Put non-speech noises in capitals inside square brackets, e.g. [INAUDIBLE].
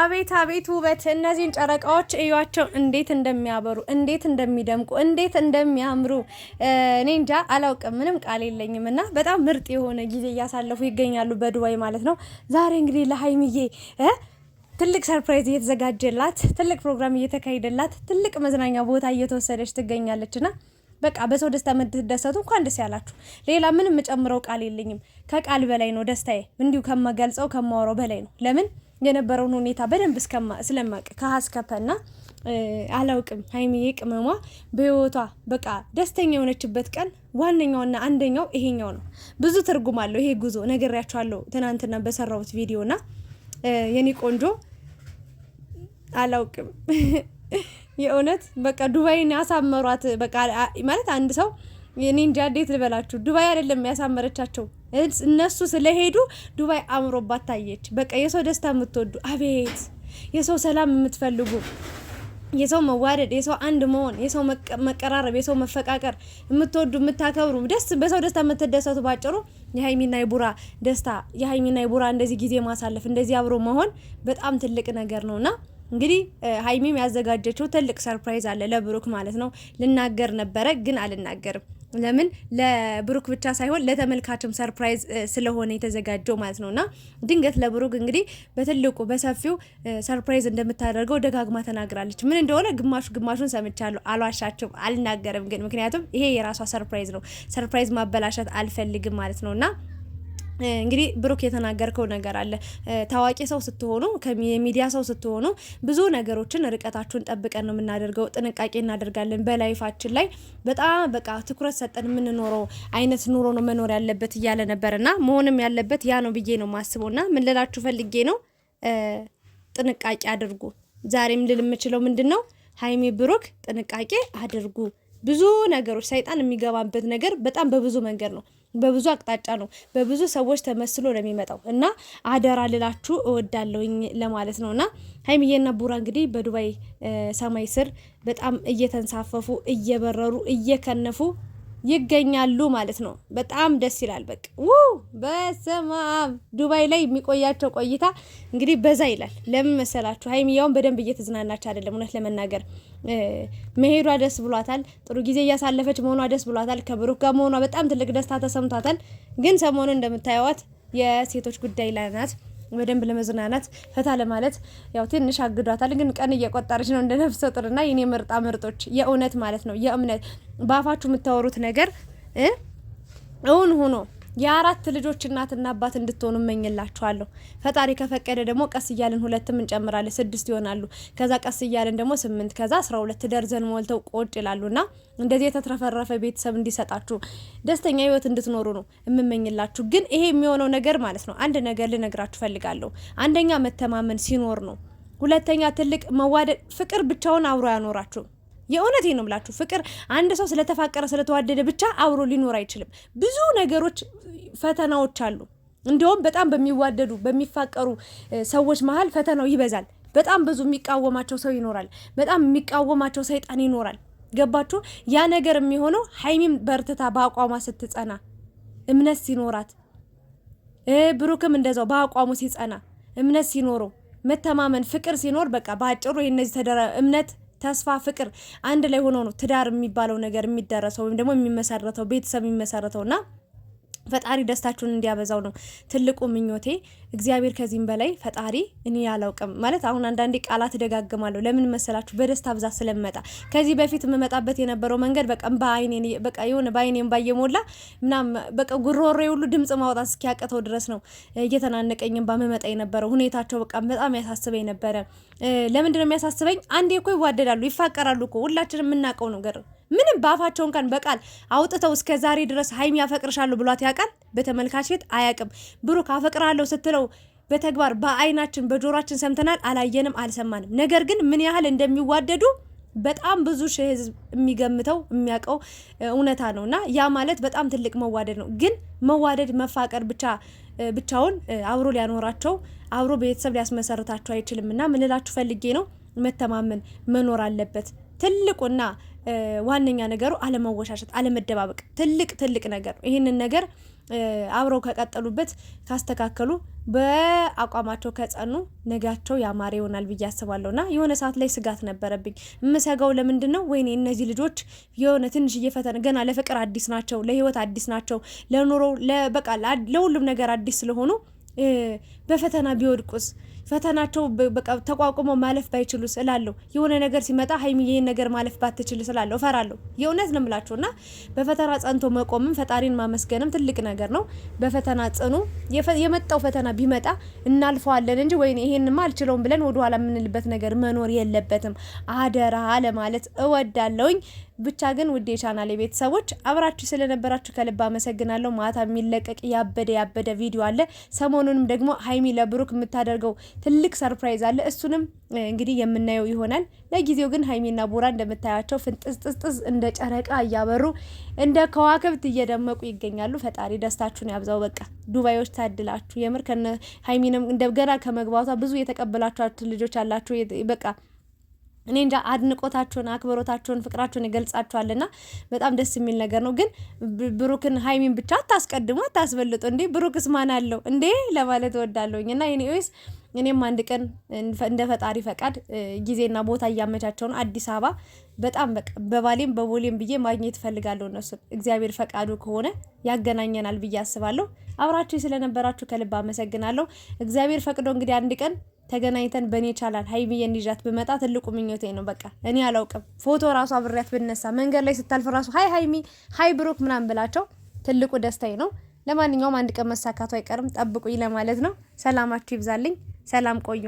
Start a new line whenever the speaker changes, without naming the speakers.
አቤት አቤት ውበት! እነዚህን ጨረቃዎች እዩዋቸው እንዴት እንደሚያበሩ እንዴት እንደሚደምቁ እንዴት እንደሚያምሩ እኔ እንጃ አላውቅም፣ ምንም ቃል የለኝም። እና በጣም ምርጥ የሆነ ጊዜ እያሳለፉ ይገኛሉ በዱባይ ማለት ነው። ዛሬ እንግዲህ ለሀይሚዬ ትልቅ ሰርፕራይዝ እየተዘጋጀላት፣ ትልቅ ፕሮግራም እየተካሄደላት፣ ትልቅ መዝናኛ ቦታ እየተወሰደች ትገኛለች ና በቃ በሰው ደስታ የምትደሰቱ እንኳን ደስ ያላችሁ። ሌላ ምንም የምጨምረው ቃል የለኝም። ከቃል በላይ ነው ደስታዬ፣ እንዲሁ ከመገልጸው ከማወራው በላይ ነው። ለምን የነበረውን ሁኔታ በደንብ ስለማቅ ከሀስከፈና አላውቅም። ሀይሚዬ ቅመሟ በህይወቷ በቃ ደስተኛ የሆነችበት ቀን ዋነኛውና አንደኛው ይሄኛው ነው። ብዙ ትርጉም አለው ይሄ ጉዞ ነግሬያቸዋለሁ፣ ትናንትና በሰራሁት ቪዲዮና የኔ ቆንጆ አላውቅም [LAUGHS] የእውነት በቃ ዱባይን ያሳመሯት። በቃ ማለት አንድ ሰው እኔ እንጃ እንዴት ልበላችሁ፣ ዱባይ አይደለም ያሳመረቻቸው እነሱ ስለሄዱ ዱባይ አምሮባት ታየች። በቃ የሰው ደስታ የምትወዱ አቤት፣ የሰው ሰላም የምትፈልጉ የሰው መዋደድ፣ የሰው አንድ መሆን፣ የሰው መቀራረብ፣ የሰው መፈቃቀር የምትወዱ የምታከብሩ፣ ደስ በሰው ደስታ የምትደሰቱ፣ ባጭሩ የሀይሚና የቡራ ደስታ የሀይሚና የቡራ እንደዚህ ጊዜ ማሳለፍ እንደዚህ አብሮ መሆን በጣም ትልቅ ነገር ነውና እንግዲህ ሀይሚም ያዘጋጀችው ትልቅ ሰርፕራይዝ አለ ለብሩክ ማለት ነው። ልናገር ነበረ ግን አልናገርም። ለምን ለብሩክ ብቻ ሳይሆን ለተመልካችም ሰርፕራይዝ ስለሆነ የተዘጋጀው ማለት እና ድንገት ለብሩክ እንግዲህ በትልቁ በሰፊው ሰርፕራይዝ እንደምታደርገው ደጋግማ ተናግራለች። ምን እንደሆነ ግማሹ ግማሹን ሰምቻለሁ፣ አልዋሻችሁም፣ አልናገርም ግን ምክንያቱም ይሄ የራሷ ሰርፕራይዝ ነው። ሰርፕራይዝ ማበላሸት አልፈልግም ማለት ነውና እንግዲህ ብሩክ የተናገርከው ነገር አለ። ታዋቂ ሰው ስትሆኑ የሚዲያ ሰው ስትሆኑ ብዙ ነገሮችን ርቀታችሁን ጠብቀን ነው የምናደርገው፣ ጥንቃቄ እናደርጋለን። በላይፋችን ላይ በጣም በቃ ትኩረት ሰጠን የምንኖረው አይነት ኑሮ ነው መኖር ያለበት እያለ ነበር እና መሆንም ያለበት ያ ነው ብዬ ነው ማስበው እና ምን ልላችሁ ፈልጌ ነው ጥንቃቄ አድርጉ። ዛሬም ልል የምችለው ምንድን ነው ሀይሚ ብሩክ ጥንቃቄ አድርጉ። ብዙ ነገሮች ሰይጣን የሚገባበት ነገር በጣም በብዙ መንገድ ነው በብዙ አቅጣጫ ነው በብዙ ሰዎች ተመስሎ ነው የሚመጣው እና አደራ ልላችሁ እወዳለሁኝ ለማለት ነው እና ሀይሚዬና ቡራ እንግዲህ በዱባይ ሰማይ ስር በጣም እየተንሳፈፉ እየበረሩ እየከነፉ ይገኛሉ ማለት ነው። በጣም ደስ ይላል። በቃ ውይ በሰማም ዱባይ ላይ የሚቆያቸው ቆይታ እንግዲህ በዛ ይላል። ለምን መሰላችሁ? ሀይሚያውን በደንብ እየተዝናናች አይደለም። እውነት ለመናገር መሄዷ ደስ ብሏታል። ጥሩ ጊዜ እያሳለፈች መሆኗ ደስ ብሏታል። ከብሩክ ጋር መሆኗ በጣም ትልቅ ደስታ ተሰምቷታል። ግን ሰሞኑን እንደምታየዋት የሴቶች ጉዳይ ላይ ናት። በደንብ ለመዝናናት ፈታ ለማለት ያው ትንሽ አግዷታል። ግን ቀን እየቆጠረች ነው እንደ ነፍሰ ጡርና የኔ ምርጣ ምርጦች፣ የእውነት ማለት ነው የእምነት በአፋችሁ የምታወሩት ነገር እውን ሆኖ የአራት ልጆች እናትና አባት እንድትሆኑ እመኝላችኋለሁ። ፈጣሪ ከፈቀደ ደግሞ ቀስ እያልን ሁለትም እንጨምራለን፣ ስድስት ይሆናሉ። ከዛ ቀስ እያልን ደግሞ ስምንት፣ ከዛ አስራ ሁለት ደርዘን ሞልተው ቆጭ ይላሉና እንደዚህ የተትረፈረፈ ቤተሰብ እንዲሰጣችሁ ደስተኛ ህይወት እንድትኖሩ ነው የምመኝላችሁ። ግን ይሄ የሚሆነው ነገር ማለት ነው አንድ ነገር ልነግራችሁ ፈልጋለሁ። አንደኛ መተማመን ሲኖር ነው። ሁለተኛ ትልቅ መዋደድ፣ ፍቅር ብቻውን አብሮ አያኖራችሁም። የእውነቴ ነው ብላችሁ ፍቅር አንድ ሰው ስለተፋቀረ ስለተዋደደ ብቻ አብሮ ሊኖር አይችልም። ብዙ ነገሮች፣ ፈተናዎች አሉ። እንዲሁም በጣም በሚዋደዱ በሚፋቀሩ ሰዎች መሀል ፈተናው ይበዛል። በጣም ብዙ የሚቃወማቸው ሰው ይኖራል። በጣም የሚቃወማቸው ሰይጣን ይኖራል። ገባችሁ? ያ ነገር የሚሆነው ሀይሚም በርትታ በአቋሟ ስትጸና፣ እምነት ሲኖራት፣ ብሩክም እንደዛው በአቋሙ ሲጸና፣ እምነት ሲኖረው፣ መተማመን፣ ፍቅር ሲኖር፣ በቃ በአጭሩ የነዚህ እምነት ተስፋ፣ ፍቅር አንድ ላይ ሆኖ ነው ትዳር የሚባለው ነገር የሚደረሰው ወይም ደግሞ የሚመሰረተው ቤተሰብ የሚመሰረተው እና ፈጣሪ ደስታችሁን እንዲያበዛው ነው ትልቁ ምኞቴ። እግዚአብሔር ከዚህም በላይ ፈጣሪ እኔ አላውቅም ማለት አሁን አንዳንዴ ቃላት እደጋግማለሁ። ለምን መሰላችሁ? በደስታ ብዛት ስለምመጣ ከዚህ በፊት የምመጣበት የነበረው መንገድ በቃ በአይኔ በቃ የሆነ በአይኔም ባየሞላ ምናምን በቃ ጉሮሮ ሁሉ ድምጽ ማውጣት እስኪያቅተው ድረስ ነው እየተናነቀኝም ባመመጣ የነበረው ሁኔታቸው በቃ በጣም ያሳስበኝ ነበረ። ለምንድነው የሚያሳስበኝ? አንዴ እኮ ይዋደዳሉ፣ ይፋቀራሉ እኮ ሁላችንም የምናውቀው ነገር ምንም በአፋቸውን ቀን በቃል አውጥተው እስከ ዛሬ ድረስ ሀይሚ ያፈቅርሻለሁ ብሏት ያውቃል? በተመልካች ፊት አያውቅም። ብሩክ አፈቅራለሁ ስትለው በተግባር በአይናችን በጆሯችን ሰምተናል፣ አላየንም፣ አልሰማንም። ነገር ግን ምን ያህል እንደሚዋደዱ በጣም ብዙ ሺህ ህዝብ የሚገምተው የሚያውቀው እውነታ ነው እና ያ ማለት በጣም ትልቅ መዋደድ ነው። ግን መዋደድ መፋቀር ብቻ ብቻውን አብሮ ሊያኖራቸው አብሮ ቤተሰብ ሊያስመሰርታቸው አይችልም እና ምንላችሁ ፈልጌ ነው መተማመን መኖር አለበት ትልቁና ዋነኛ ነገሩ አለመወሻሸት፣ አለመደባበቅ ትልቅ ትልቅ ነገር ነው። ይህንን ነገር አብረው ከቀጠሉበት ካስተካከሉ፣ በአቋማቸው ከጸኑ ነጋቸው ያማረ ይሆናል ብዬ አስባለሁ። እና የሆነ ሰዓት ላይ ስጋት ነበረብኝ። የምሰጋው ለምንድን ነው? ወይኔ እነዚህ ልጆች የሆነ ትንሽ እየፈተነ ገና ለፍቅር አዲስ ናቸው፣ ለህይወት አዲስ ናቸው፣ ለኑሮ በቃ ለሁሉም ነገር አዲስ ስለሆኑ በፈተና ቢወድቁስ ፈተናቸው በቃ ተቋቁሞ ማለፍ ባይችሉ ስላለሁ የሆነ ነገር ሲመጣ ሀይሚ ይህን ነገር ማለፍ ባትችል ስላለሁ እፈራለሁ። የእውነት ነው የምላችሁ እና በፈተና ጸንቶ መቆምም ፈጣሪን ማመስገንም ትልቅ ነገር ነው። በፈተና ጽኑ። የመጣው ፈተና ቢመጣ እናልፈዋለን እንጂ ወይ ይሄንማ አልችለውም ብለን ወደኋላ የምንልበት ነገር መኖር የለበትም። አደራ ለማለት እወዳለውኝ። ብቻ ግን ውድ ቻናል ቤተሰቦች አብራችሁ ስለነበራችሁ ከልብ አመሰግናለሁ። ማታ የሚለቀቅ ያበደ ያበደ ቪዲዮ አለ። ሰሞኑንም ደግሞ ሀይሚ ለብሩክ የምታደርገው ትልቅ ሰርፕራይዝ አለ። እሱንም እንግዲህ የምናየው ይሆናል። ለጊዜው ግን ሀይሚና ቡራ እንደምታያቸው ፍንጥዝጥዝጥዝ እንደ ጨረቃ እያበሩ እንደ ከዋክብት እየደመቁ ይገኛሉ። ፈጣሪ ደስታችሁን ያብዛው። በቃ ዱባዮች ታድላችሁ። የምር ከነ ሀይሚንም እንደገና ከመግባቷ ብዙ የተቀበላችኋት ልጆች አላችሁ። በቃ እኔ እንጃ አድንቆታችሁን፣ አክብሮታችሁን፣ ፍቅራችሁን ይገልጻችኋልና በጣም ደስ የሚል ነገር ነው። ግን ብሩክን ሀይሚን ብቻ አታስቀድሙ፣ አታስበልጡ። እንዴ ብሩክስ ማን አለው እንዴ ለማለት እወዳለሁኝ እና ኔስ እኔም አንድ ቀን እንደ ፈጣሪ ፈቃድ ጊዜና ቦታ እያመቻቸው ነው። አዲስ አበባ በጣም በባሌም በቦሌም ብዬ ማግኘት እፈልጋለሁ። እነሱ እግዚአብሔር ፈቃዱ ከሆነ ያገናኘናል ብዬ አስባለሁ። አብራችሁ ስለነበራችሁ ከልብ አመሰግናለሁ። እግዚአብሔር ፈቅዶ እንግዲህ አንድ ቀን ተገናኝተን በእኔ ቻላል ሀይሚዬ እንዲዣት ብመጣ ትልቁ ምኞቴ ነው። በቃ እኔ አላውቅም፣ ፎቶ ራሱ አብሬያት ብነሳ መንገድ ላይ ስታልፍ ራሱ ሀይ ሀይሚ፣ ሀይ ብሩክ ምናምን ብላቸው ትልቁ ደስታዬ ነው። ለማንኛውም አንድ ቀን መሳካቱ አይቀርም፣ ጠብቁኝ ለማለት ነው። ሰላማችሁ ይብዛልኝ። ሰላም ቆዩ።